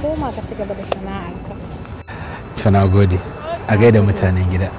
koma ka ci gaba da sana'arka. Tuna gode, a gaida mutanen gida.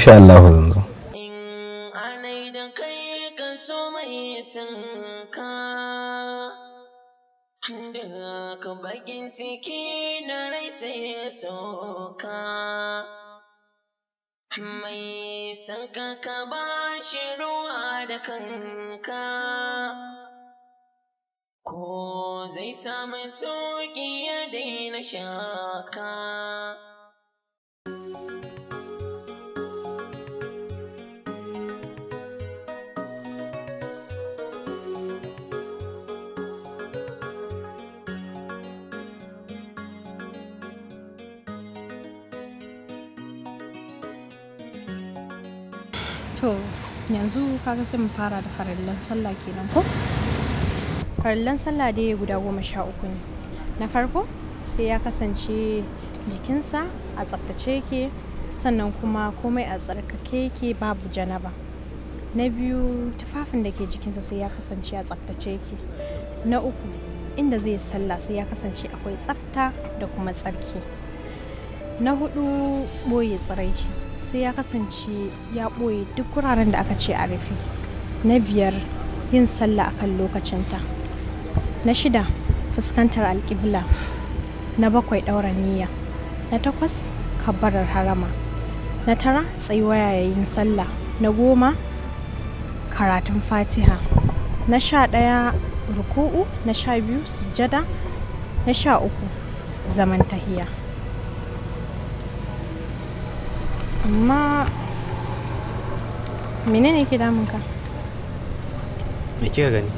insha Allah zan zo ka bakin ciki na rai sai soka mai sanka ka ba shi ruwa da kanka ko zai samu soki ya daina shaka To yanzu kaga sai mu fara da farallan sallah kenan ko? Farallan sallah dai guda goma sha uku ne. Na farko sai ya kasance jikinsa a tsaftace yake sannan kuma komai a tsarkake yake babu janaba. Na biyu tufafin da ke jikinsa sai ya kasance a tsaftace yake. Na uku inda zai sallah sai ya kasance akwai tsafta da kuma tsarki. Na hudu boye tsiraici. sai ya kasance ya ɓoye duk wuraren da aka ce a rufe na biyar yin sallah a kan lokacinta na shida fuskantar alƙibla na bakwai ɗaura niyya na takwas kabbarar harama na tara tsayuwa yayin sallah na goma karatun fatiha na sha ɗaya ruku'u na sha biyu sujjada na sha uku zaman tahiya amma menene ke damunka me kika gani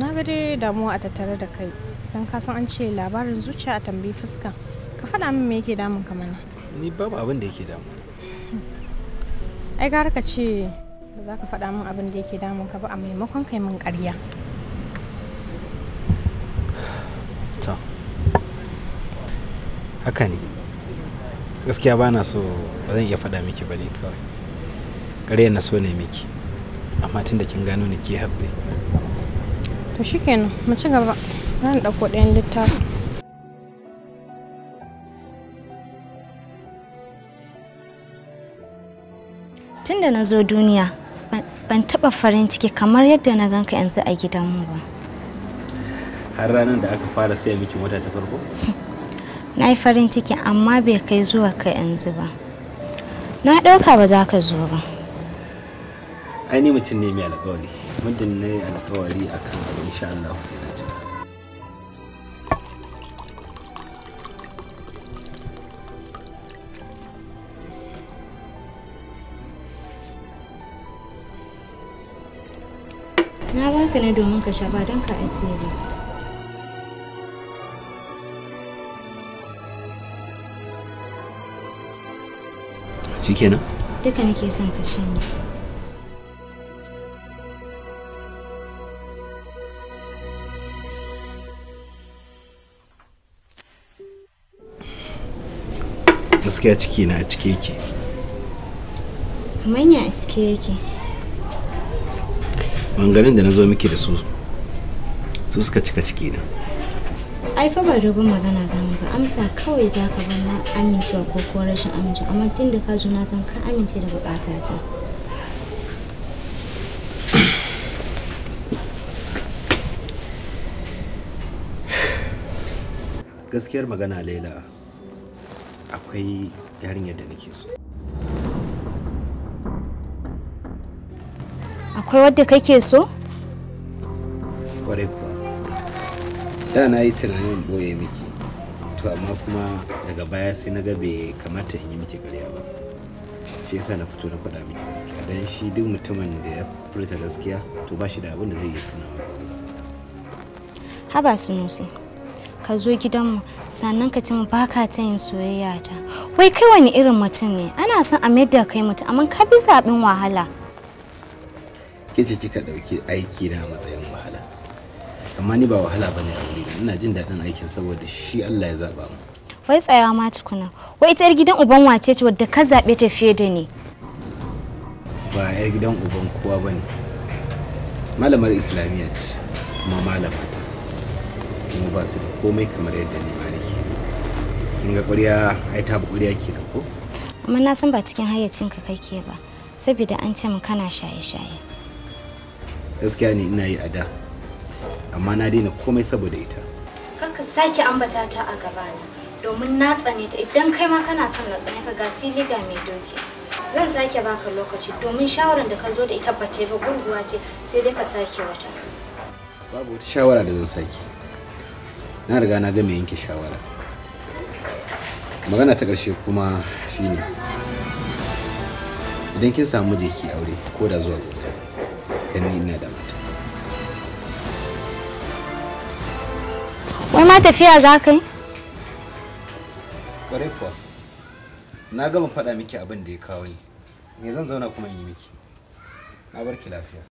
na ga dai damuwa a tattare da kai don kasan an ce labarin zuciya a tambayi fuska ka faɗa min me yake damun ka mana ni babu abin da yake damu ai gara ka ce ba za ka faɗa min abin da yake damun ka ba a maimakon kai min ƙarya haka ne gaskiya ba na so ba zan iya faɗa miki ba ne kawai kare na so ne miki amma tun da kin gano ni ke haƙuri to shikenan mu ci gaba zan ɗauko ɗayan littafi. tun da na zo duniya ban taɓa farin ciki kamar yadda na ganka yanzu a gidanmu ba har ranar da aka fara sai miki mota ta farko na yi farin ciki amma bai kai zuwa ka yanzu ba na ɗauka ba za ka zo ba ai mutum ne mai alkawari muddin na yi alkawari a kan abu insha Allah sai na ci na baka ne domin ka sha ba don ka ajiye shikenan duka nake son ka shanye gaskiya ciki na a cike yake kamar ya a cike yake maganganun da na zo miki da su su suka cika ciki na ai fa ba rubun magana za mu ba amsa kawai za ka ban na amincewa ko ko rashin amincewa amma tun da ka zo na san ka amince da bukata ta gaskiyar magana laila akwai yarinyar da nake so akwai wadda kake so kwarai kuwa da na yi tunanin boye miki to amma kuma daga baya sai na ga bai kamata in yi miki karya ba shi yasa na fito na faɗa miki gaskiya dan shi duk mutumin da ya furta gaskiya to ba shi da abin da zai yi tunawa haba su musi ka zo gidanmu sannan ka ci mu ka ta yin soyayya ta wai kai wani irin mutum ne ana son a mayar da kai mutum amma ka bi zaɓin wahala ke ce kika ɗauki aiki na matsayin wahala amma ni ba wahala bane a wurina ina jin daɗin aikin saboda shi Allah ya zaba mu wai tsayawa ma tukuna wai ita gidan uban wace ce wadda ka zaɓe ta fiye da ni ba yar gidan uban kowa bane malamar islamiyya ce kuma malama ta kuma ba su da komai kamar yadda ni ba nake kin ga ƙwarya ai ta ƙwarya ke ko amma na san ba cikin hayyacin hayyacinka kake ba saboda an ce mu kana shaye-shaye gaskiya ne ina yi a da amma na daina komai saboda ita kanka sake ambata ta a gabana domin na tsane ta idan kai ma kana son na tsane ka ga fili ga mai doki zan sake baka lokaci domin shawaran da ka zo da ita bace ba gurguwa ce sai dai ka sake wata babu wata shawara da zan sake na riga na ga mai yanke shawara magana ta ƙarshe kuma shine idan kin samu jiki aure ko da zuwa gobe kan ni ina da ma ma tafiya za ka yi? Ƙwarai kuwa, na gama faɗa miki abin da ya kawo ni, me zan zauna kuma yi miki, na barki lafiya.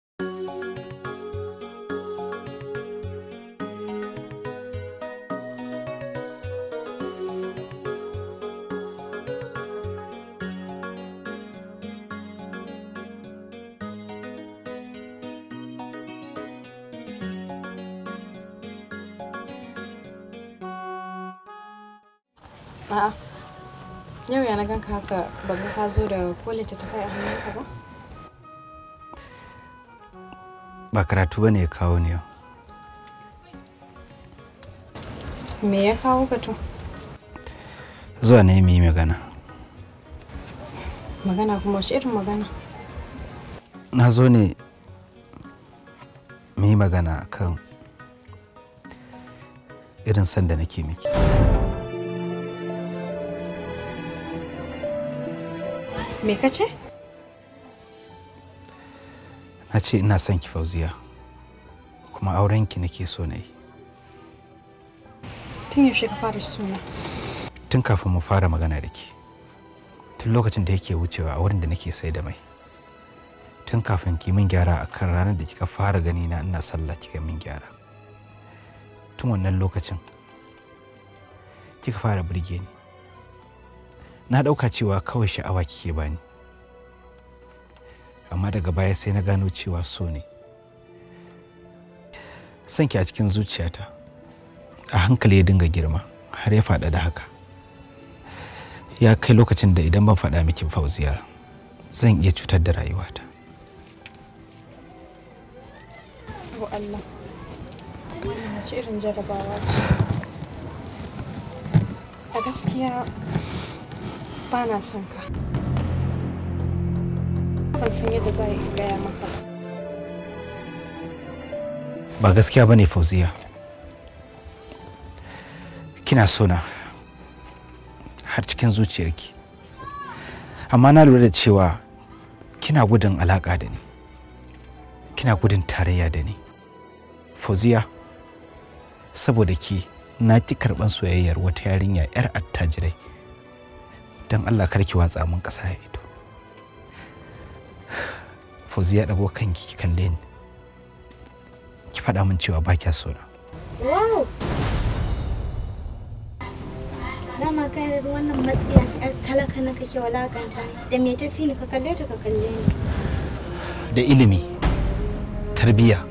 ka ka ba ka zo da ko littattafai a hannunka ba? Ba karatu ba ne ya kawo ni yau. Zuwa ne yi magana. Magana kuma irin magana? Na zo ne mu yi magana kan irin sanda nake miki. Me ka ce? Na ce ina son ki fauziya, kuma aurenki nake so na yi. Tun yaushe ka fara suna? Tun kafin mu fara magana da ke. Tun lokacin da yake wucewa a wurin da nake sai da mai. Tun kafin ki min gyara a kan ranar da kika fara gani na ina sallah kika min gyara. Tun wannan lokacin kika fara birge ni. na ɗauka cewa kawai sha'awa kike bani amma daga baya sai na gano cewa so ne Sanki a cikin zuciyata a hankali ya dinga girma har ya faɗa da haka ya kai lokacin da idan ban faɗa miki fauziya zan iya cutar da rayuwata Allah, wannan irin jarabawa ce. A gaskiya ba son ka ban san yadda za a gaya maka ba gaskiya bane ne fauziya kina sona har cikin zuciyarki amma na lura da cewa kina gudun alaƙa da ni kina gudun tarayya da ni fauziya saboda ki na ki karɓan soyayyar wata yarinya 'yar attajirai don Allah karki watsa mun kasa ya ido fuzi ya dago kanki ki kalle ni ki faɗa min cewa ba kya so na dama kai wannan matsiya ce talaka na kake walakanta da me tafi ni ka kalle ta ka kalle ni da ilimi tarbiyya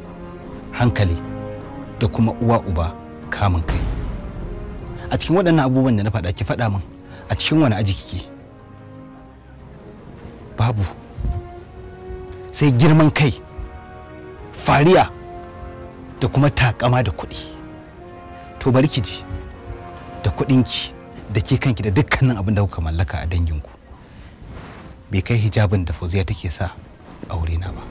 hankali da kuma uwa uba kamun kai a cikin waɗannan abubuwan da na faɗa ki faɗa min a cikin wani aji kike babu sai girman kai fariya da kuma takama da kuɗi to bari ki ji da kuɗinki da ke kanki da dukkanin abin da kuka mallaka a dangin ku bai kai hijabin da fauziya take sa aure na ba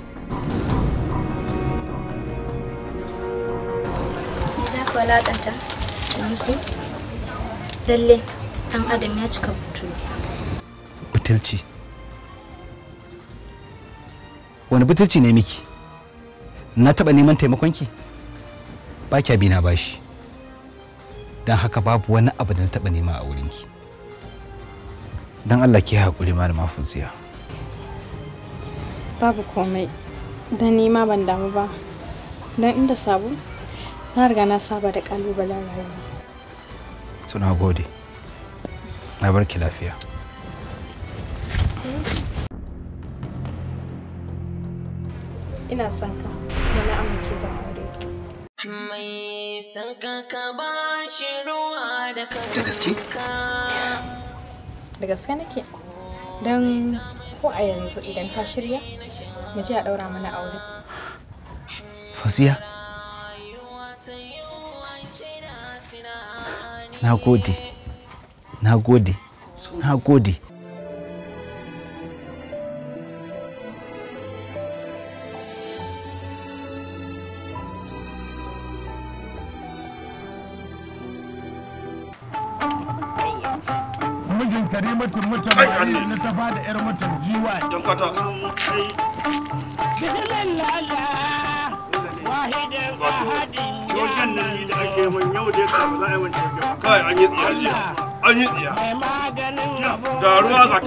za ku lalle dan adam ya cika butuli butulci wani butulci ne miki na taba neman taimakonki ba kya bina bashi don haka babu wani abu da na taba nema a wurinki don allah ki haƙuri malama fuziya babu komai da nema ban damu ba don inda sabo na riga na saba da ƙalubalen rayuwa suna gode na barki lafiya ina son ka kuma na amince zan aure mai son ka ka ba shi ruwa da kanka da gaske da gaske nake don ko a yanzu idan ta shirya mu je a daura mana aure fasiya na gode na gode na gode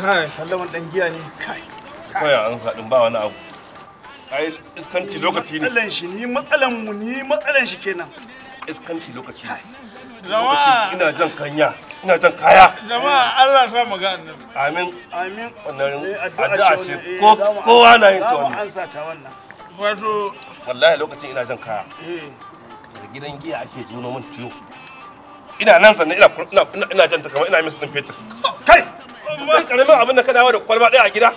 kai sallaman dan giya ne kai kai an sadin ba wani abu ai iskanci lokaci ne matsalan shi ni matsalan mu ni matsalan shi kenan iskanci lokaci ne jama'a ina jan kanya ina jan kaya jama'a Allah sa mu ga annabi amin amin wannan eh, addu'a ce eh, ko kowa na yin ta an sa ta wannan wato wallahi lokacin ina jan kaya eh. gidan giya ake juno min ciwo ina nan sannan ina ina jan ta kamar ina miss fetur kai kai karamin abin da ka dawo da kwalba ɗaya a gida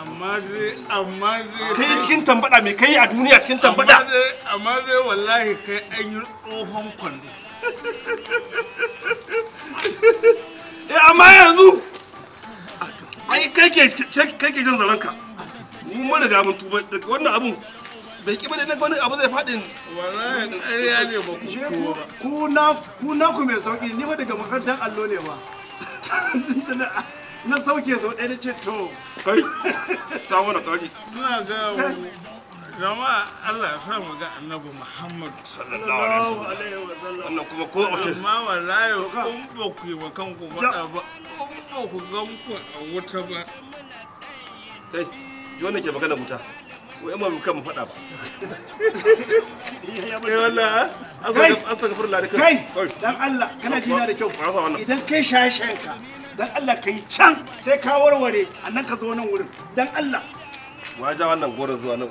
amma dai amma kai cikin tambada me kai a duniya cikin tambada amma dai wallahi kai an yi tsohon kwando eh amma yanzu ai kai ke kai ke jin zaranka mu mun riga mun tuba daga wannan abun bai ki bane wani abu zai faɗin wallahi ƙarya ne ba ku ku na ku mai sauki ni fa daga makarantar allo ne ba na sauke sau ɗaya da ce to kai ta wani tori ina ga zama Allah ya sa mu ga annabi Muhammad sallallahu alaihi wa sallam wannan kuma ko a wace amma wallahi kun ba ku yi wa kanku faɗa ba kun ba ku ga ku a wuta ba kai ji wannan ke magana wuta ko yan mamu kan mu faɗa ba eh wallahi asa asa gafar Allah da kai dan Allah kana jina da kyau idan kai ka. dan Allah ka yi can sai ka warware a nan ka zo nan wurin dan Allah wa ja wannan gora zuwa nan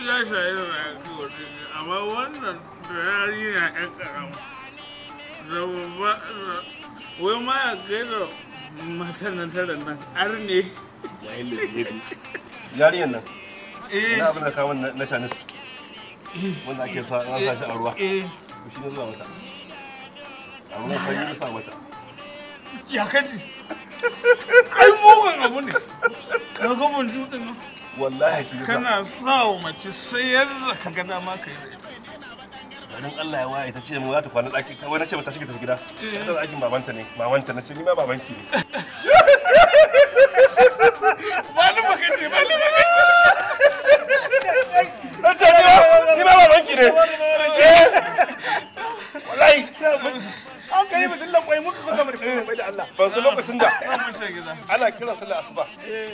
ya shayi da amma wannan da yari na yan karama da babba wai ma ya kai da matan nan tara nan arne. ne yayin da ya bi yariyan nan eh. na abin da kawon na shanis eh. wanda ake sa a ruwa eh, shi ne zuwa mata amma fa yi rufa mata ya kaji ai mugun abu ne ka ga mun jutun nan wallahi shi kana sa wa mace sayar da ka ga dama ka yi da ita garin Allah ya waye ta ce mu za ta kwana ɗaki ta wani ce ta shiga tafi gida eh. ta da aikin babanta ne babanta na ce ni ma babanki ne wani baka ce wani baka ce ta ce ni ma babanki ne wallahi eh. an kai batun lankwai muka kusa mu da lankwai da Allah ban su lokacin da ana kiran sallar asuba eh.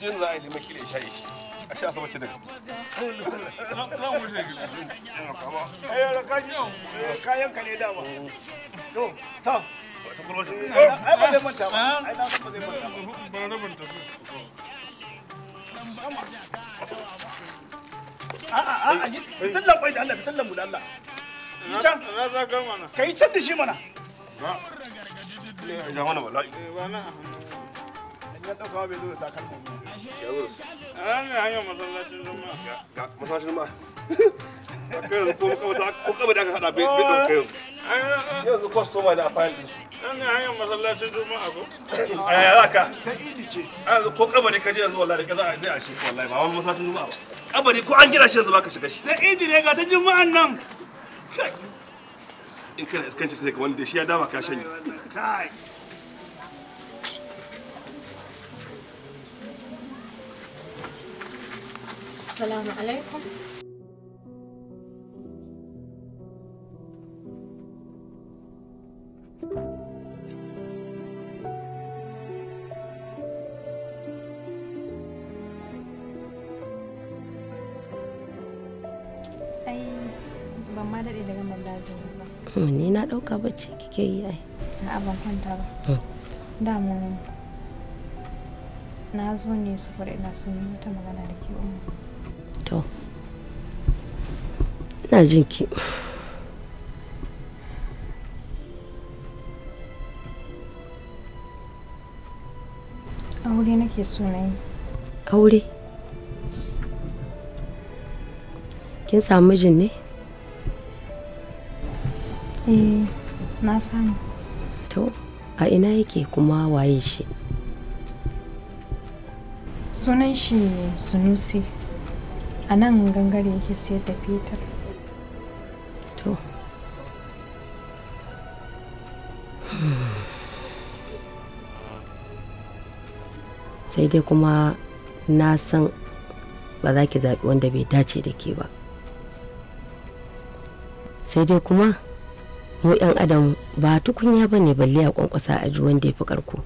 jin za a yi da isha'i a sha asuba ce daga kayan ka ne dama to ai ba zai manta ba eh? ai na ba zai manta ba ba na manta ba a'a a'a da Allah tun lankwai da yi can ka can da shi mana ya mana eh, ya ɗauka bai zo da takalma ya zo a hanyar masallacin zuma ga masallacin zuma kai ko ko da aka hada bai bai yau yanzu da afayil ɗinsu nan ne hanyar masallacin zuma eh, a ko a ka ta idi ce a yanzu ko kabari ka je yanzu wallahi da ka za a je a shi wallahi ba wani masallacin zuma ba kabari ko an gina shi yanzu ba ka shiga shi ta idi ne ga ta juma'an nan in kana iskanci sai ka wanda shi ya dama ka shanye Assalamu alaikum. dauka bacci kike yi ai na ban kwanta ba ah. da mu na zo ne saboda ina son yi wata magana da ke umma to ina jin ki aure nake so na yi aure kin samu mijin ne Eh, na samu to a ina yake kuma waye shi sunan shi sunusi a nan gangare yake siyar da peter to sai dai kuma na san ba za ki zaɓi wanda bai dace da ke ba sai dai kuma mu yan adam ba tukunya ba ne balle a kwankwasa a ji wanda ya fi karko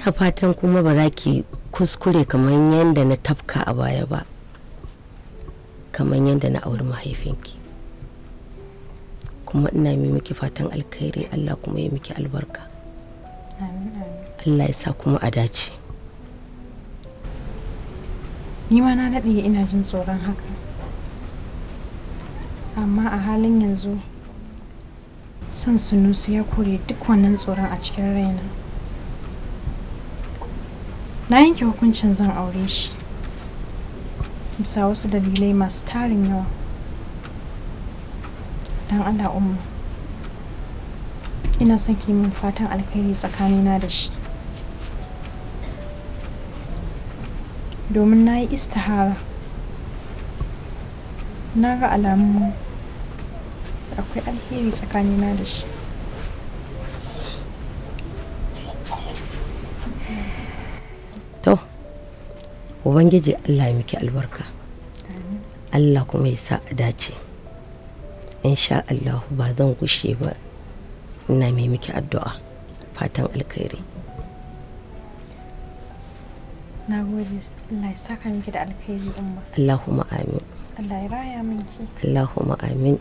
na fatan kuma ba za ki kuskure kamar yadda na tafka a baya ba kamar yadda na auri mahaifinki kuma ina mai miki fatan alkhairi allah kuma ya miki albarka allah ya sa kuma a dace ni ma na daɗe ina jin tsoron haka amma a halin yanzu son sunusu ya kore duk wannan tsoron a cikin raina na yanke hukuncin zan aure shi bisa wasu dalilai masu tarin yawa don allah umu ina son min fatan alkhairi tsakanina da shi domin na yi istihara na ga alamun akwai alheri tsakanina da shi to ubangiji allah miki albarka allah kuma ya sa a dace insha allah ba zan gushe ba ina mai miki addu'a fatan alkhairi na gode allah ya saka miki da alkhairi umma allahumma amin allah ya raya miki allahumma amin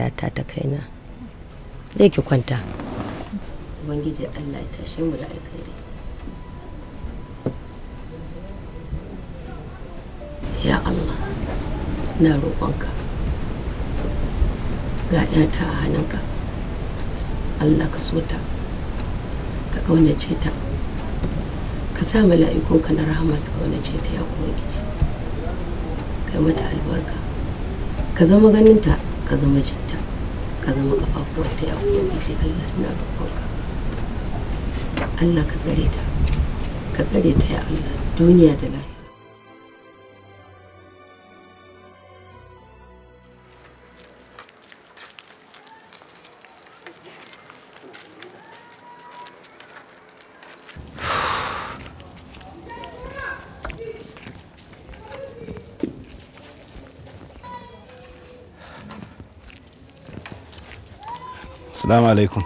'yata ta kaina zai ki kwanta ubangiji allah ya tashe mu da alkhairi ya allah na roƙonka ga 'yata a hannunka allah ka so ta ka ƙaunace ta ka sa mala'ikunka na rahama su ƙaunace ta ya ubangiji kai mata albarka ka zama ganinta ka zama jin ka zama ta ya ce Allah ina roƙonka Allah ka tsare ta ka tsare ta ya Allah duniya da lafiya Assalamu alaikum.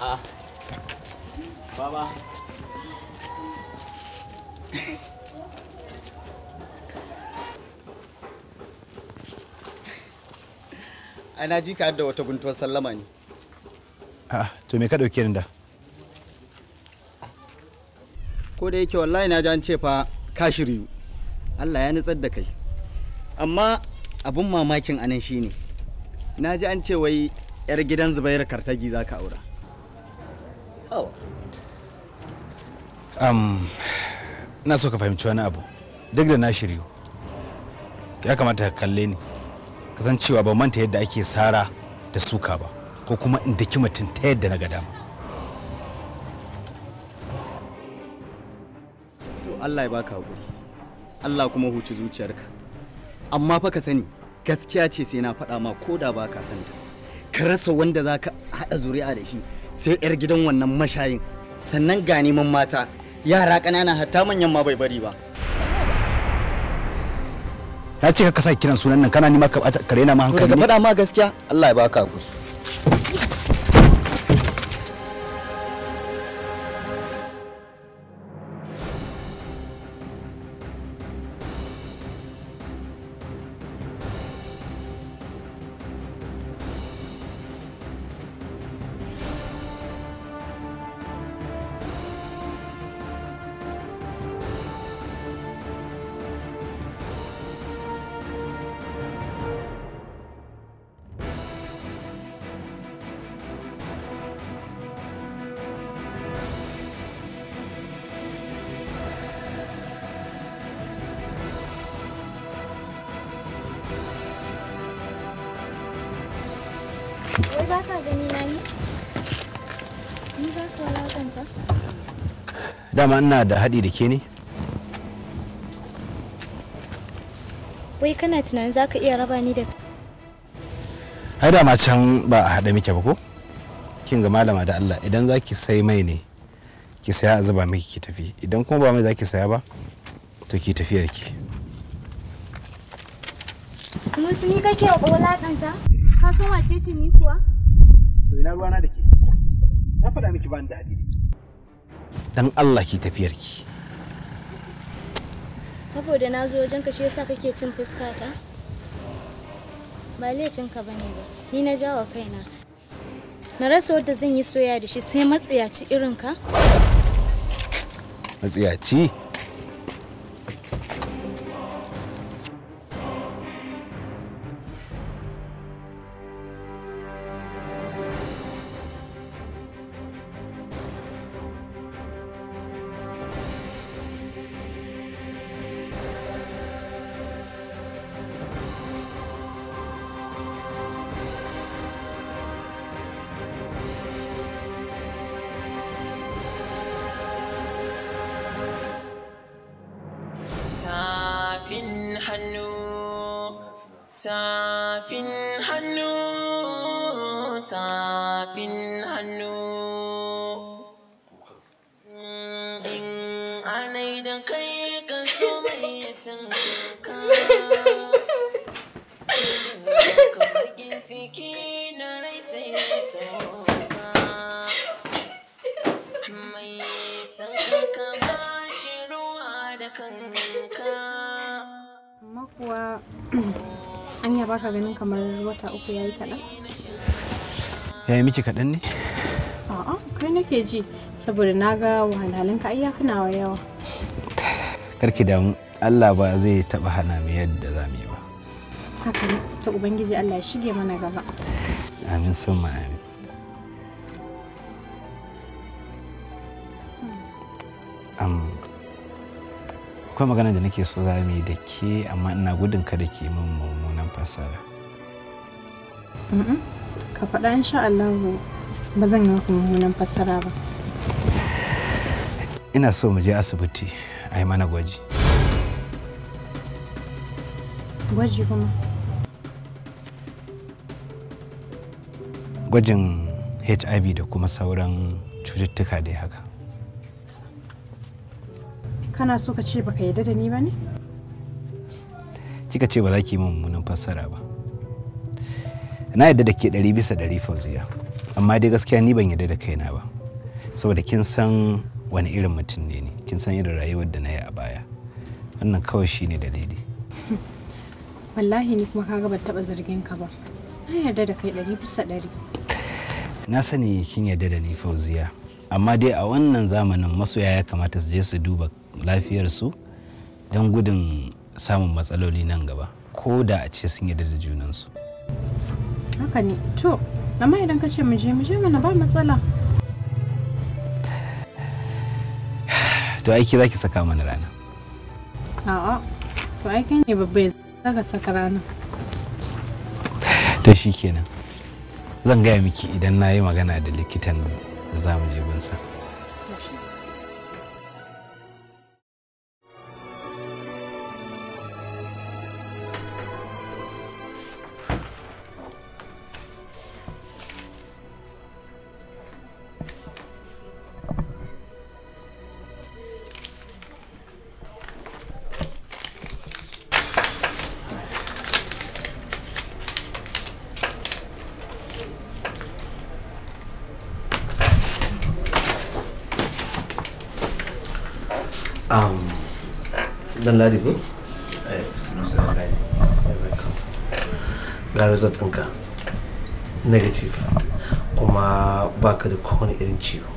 Ah. Baba. na ji ka da wata guntuwar sallama ne. Ah, to me ka dauke ni da? Ko da yake wallahi na ji an ce fa ka shiryu. Allah ya nutsar da kai. Amma abun mamakin anan shine. Na ji an ce wai 'yar gidan zubairu kartagi za ka aura oh. na so ka fahimci wani abu duk da na shiryu ya kamata ka kalle ni kasancewa ba manta yadda ake sara da suka ba ko kuma in daki mutum ta yadda na ga dama to Allah ya baka hakuri Allah kuma huci zuciyarka amma fa ka sani gaskiya ce sai na faɗa ma ko da ba santa ka rasa wanda za ka haɗa zuri'a da shi sai 'yar gidan wannan mashayin sannan ga neman mata yara ƙanana hatta manyan ma bai bari ba na ce ka sa kiran sunan nan kana nima ka rena ma hankali ne faɗa ma gaskiya Allah ya baka hakuri kai ba ka gani na ne ni za ka dama ina da haɗi da ke ne wai kana tunanin za ka iya raba ni da Hai dama can ba a haɗa muke ba ko kin ga malama da Allah idan za ki sai mai ne ki saya a zuba miki ki tafi idan kuma ba mai za ki saya ba to ki tafi da ki sun yi kake wa ƙola kanta ka san wace ce ni kuwa ina ruwana da ke na faɗa miki ban da dan Allah ki tafiyar ki saboda na zo wajenka shi yasa kake cin fuskata ba laifinka ka bane ba ni na jawa kaina na rasa wadda zan yi soya da shi sai matsiyaci irin ka. matsiyaci fin hannu mm, da kai ka so mai ciki na rai sai mai ruwa da kanka makuwa an yaba ka ganin kamar wata uku yi kaɗan yayi miki kaɗan ne a'a kai nake ji saboda na ga wahalhalun ka ayyafi nawa yawa karki damu Allah ba zai taɓa hana mu yadda za mu yi ba haka ne ta ubangiji Allah ya shige mana gaba amin ma amin akwai magana da nake so za mu yi da ke amma ina gudun da ke min mummunan fasara ka faɗa insha Allahu ba zan yi mummunan fassara ba ina so mu je asibiti a mana gwaji gwaji kuma gwajin hiv da kuma sauran cututtuka dai haka kana so ka ce baka yarda da ni ba ne kika ce ba za ki yi mummunan fassara ba na yadda da ke ɗari bisa ɗari fauziya amma dai gaskiya ni ban yadda da kaina ba saboda kin san wani irin mutum ne ni kin san irin rayuwar da na yi a baya wannan kawai shi ne dalili wallahi ni kuma kaga ban taɓa zargin ka ba na yarda da kai ɗari bisa ɗari na sani kin yarda da ni fauziya amma dai a wannan zamanin masoya ya kamata su je su duba lafiyarsu don gudun samun matsaloli nan gaba ko da a ce sun yarda da junansu haka ne to amma idan ka ce mu je mu je mana ba matsala to aiki zaki saka mana rana a'a to aiki ne babba ya zaka saka rana to shikenan zan gaya miki idan na yi magana da likitan da za mu je gunsa. Sunan eh, Ga result ɗinka. Negative. Kuma baka da kowane irin ciwo.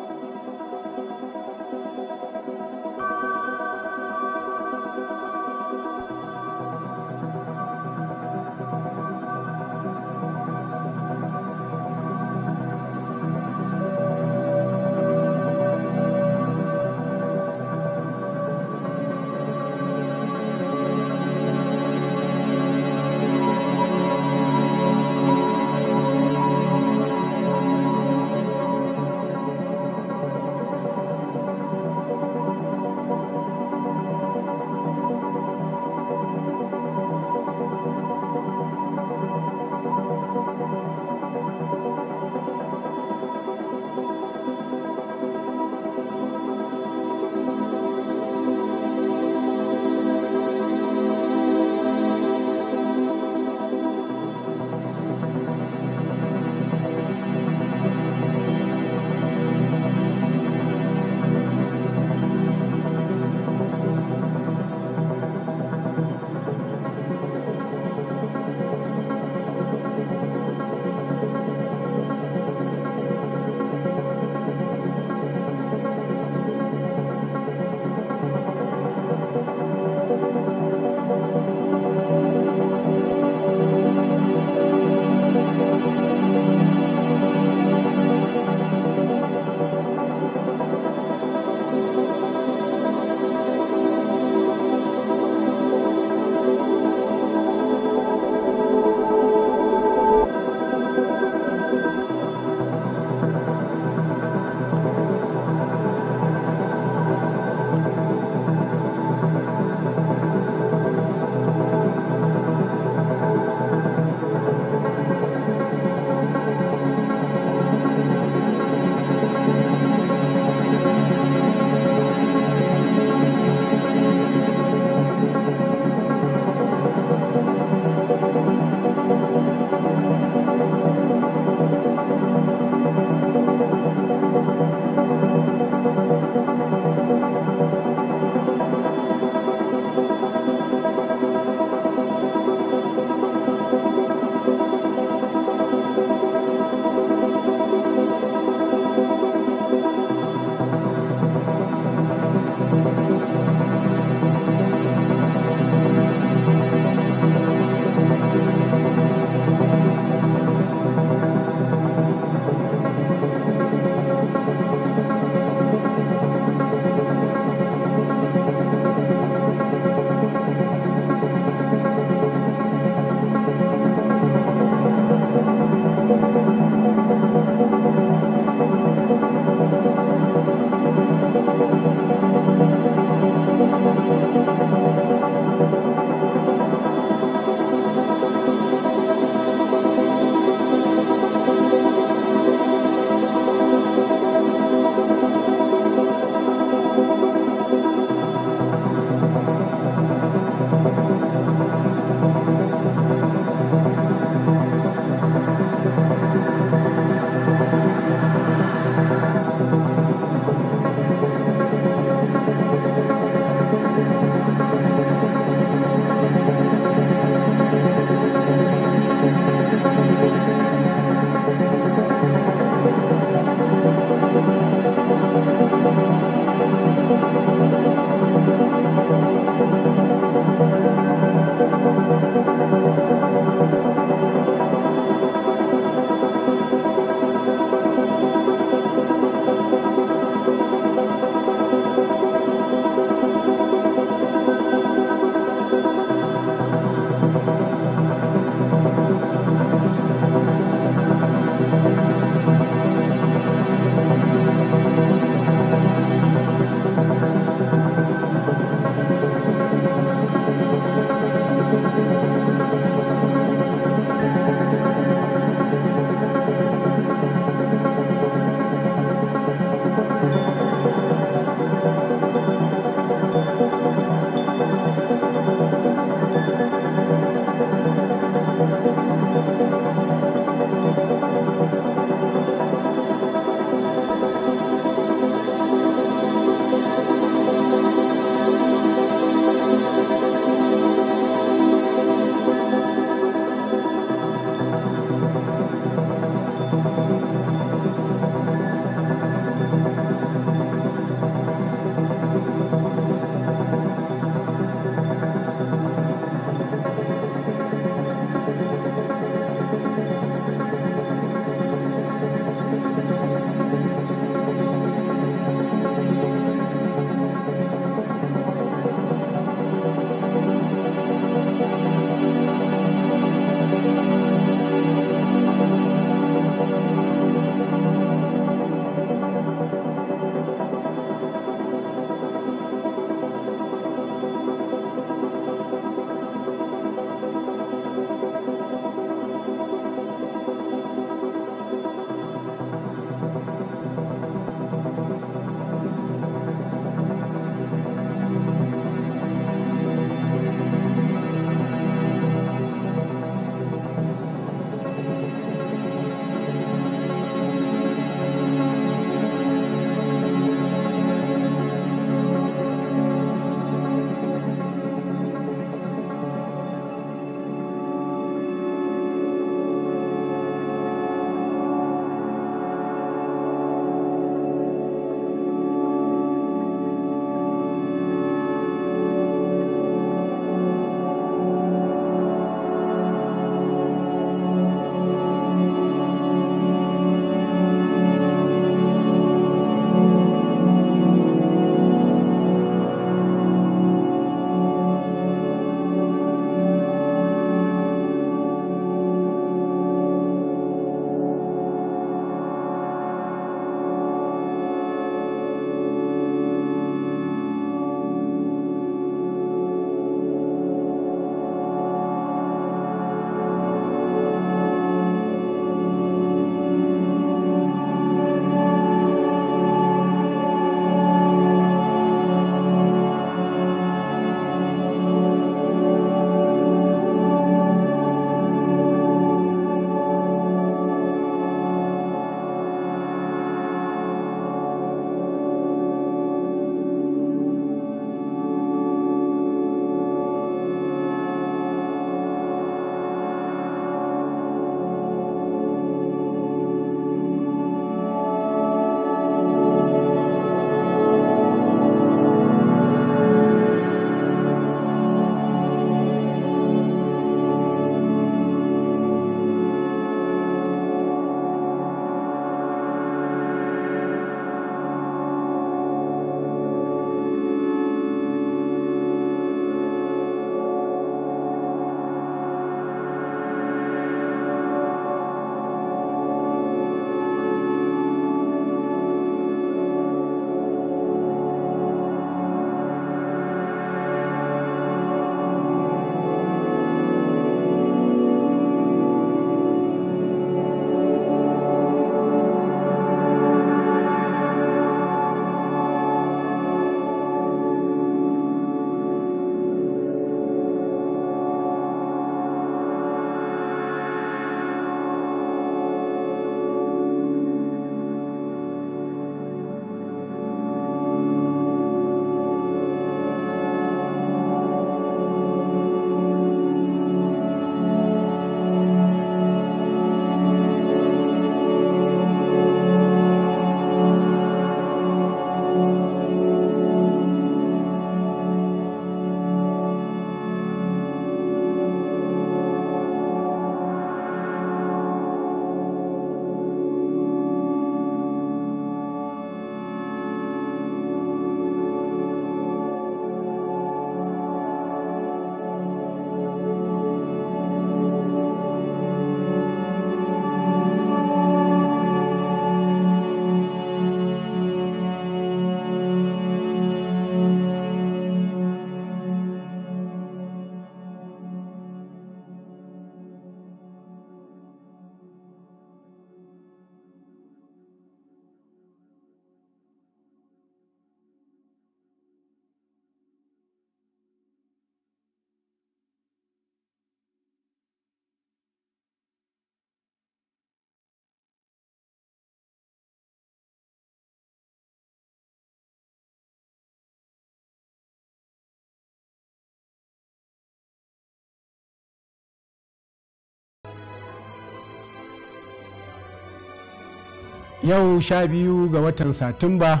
yau sha biyu ga watan satumba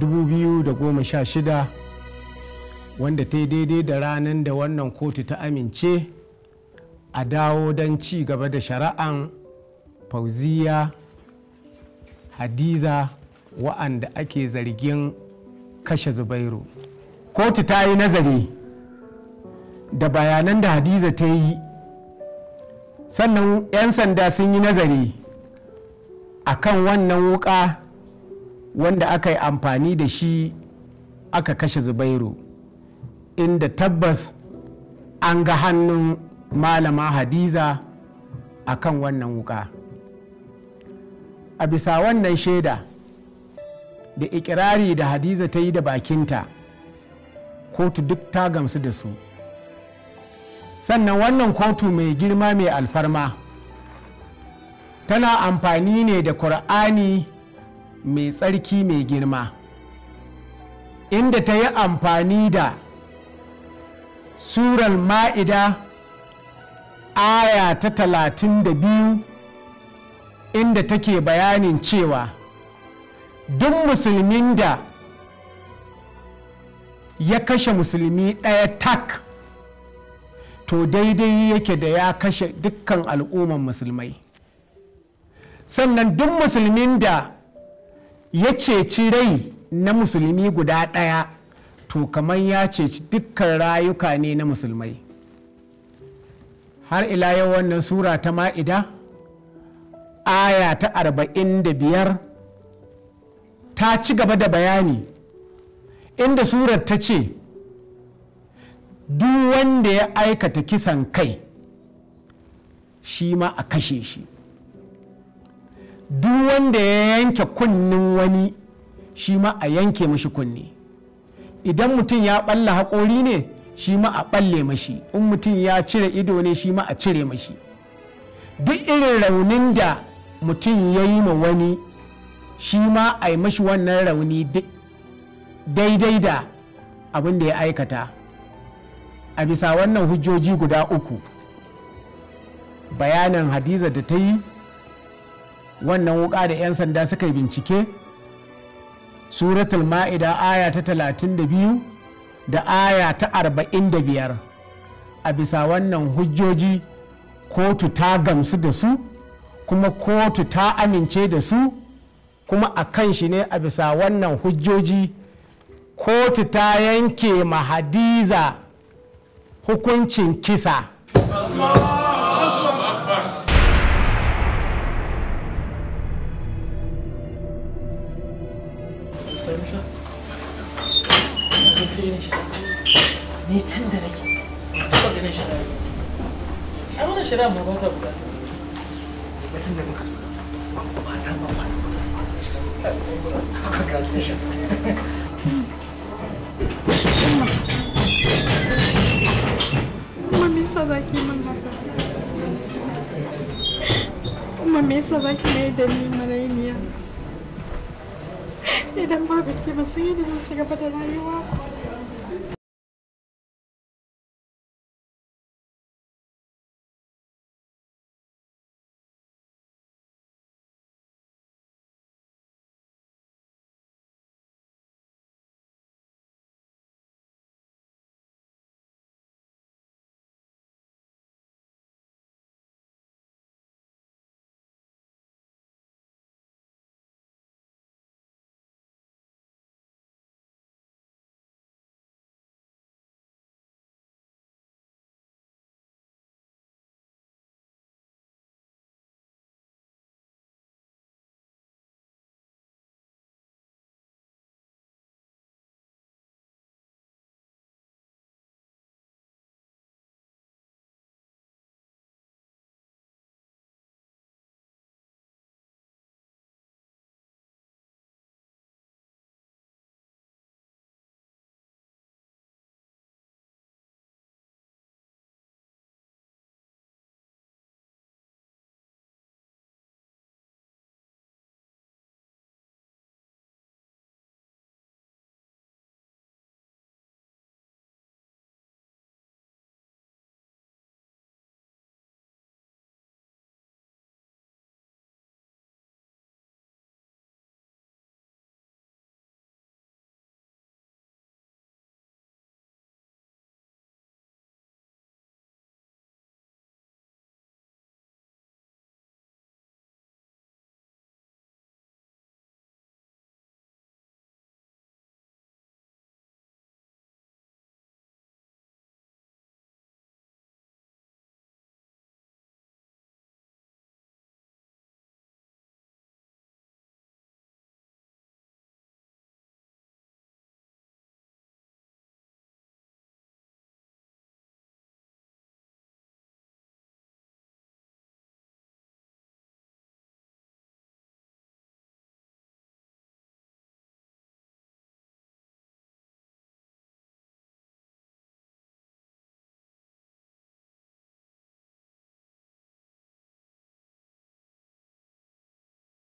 2016 wanda ta yi daidai da ranar da wannan kotu ta amince a dawo don ci gaba da shari'an fauziya hadiza wa'anda ake zargin kashe zubairu kotu ta yi nazari da bayanan da hadiza ta yi sannan 'yan sanda sun yi nazari a kan wannan wuka wanda aka yi amfani da shi aka kashe zubairu inda tabbas an ga hannun malama hadiza a kan wannan wuka a bisa wannan shaida da ikirari da hadiza ta yi da bakinta kotu duk ta gamsu da su sannan wannan kotu mai girma mai alfarma tana amfani ne da ƙur'ani mai tsarki mai girma inda ta yi amfani da surar ma'ida aya ta talatin da biyu inda take bayanin cewa duk musulmin da ya kashe musulmi ɗaya tak to daidai yake da ya kashe dukkan al'umman musulmai sannan duk musulmin da ya ceci rai na musulmi guda ɗaya to kamar ya ceci dukkan rayuka ne na musulmai har ila yau wannan sura ta ma'ida aya ta arba'in da biyar ta ci gaba da bayani inda surar ta ce duk wanda ya aikata kisan kai shi ma a kashe shi duk wanda ya yanke kunnin wani shi ma a yanke mashi kunni idan mutum ya balla haƙori ne shi ma a ɓalle mashi in mutum ya cire ido ne shi ma a cire mashi duk irin raunin da mutum ya yi ma wani shi ma a yi mashi wannan rauni daidai da abin da ya aikata a bisa wannan hujjoji guda uku bayanin hadiza da ta yi wannan wuka da 'yan sanda suka yi bincike suratul ma'ida aya ta 32 da aya ta 45 a bisa wannan hujjoji kotu ta gamsu da su kuma kotu ta amince da su kuma a kan shi ne a bisa wannan hujjoji kotu ta yanke mahadiza hukuncin kisa Allah! musulunci tun da nake ganin shari'a a wannan shari'a ma ba ta bukata batun da muka ba ba san ba ba congratulations Mami sa za ki min haka? Kuma me yasa za ki mai da ni marainiya? Idan babu ki ba sai da zan shiga da rayuwa.